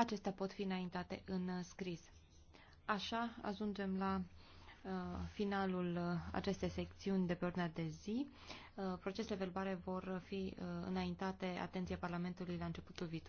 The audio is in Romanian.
acestea pot fi înaintate în uh, scris. Așa ajungem la uh, finalul uh, acestei secțiuni de pe ordinea de zi. Procesele verbale vor fi înaintate atenție Parlamentului la începutul viitor.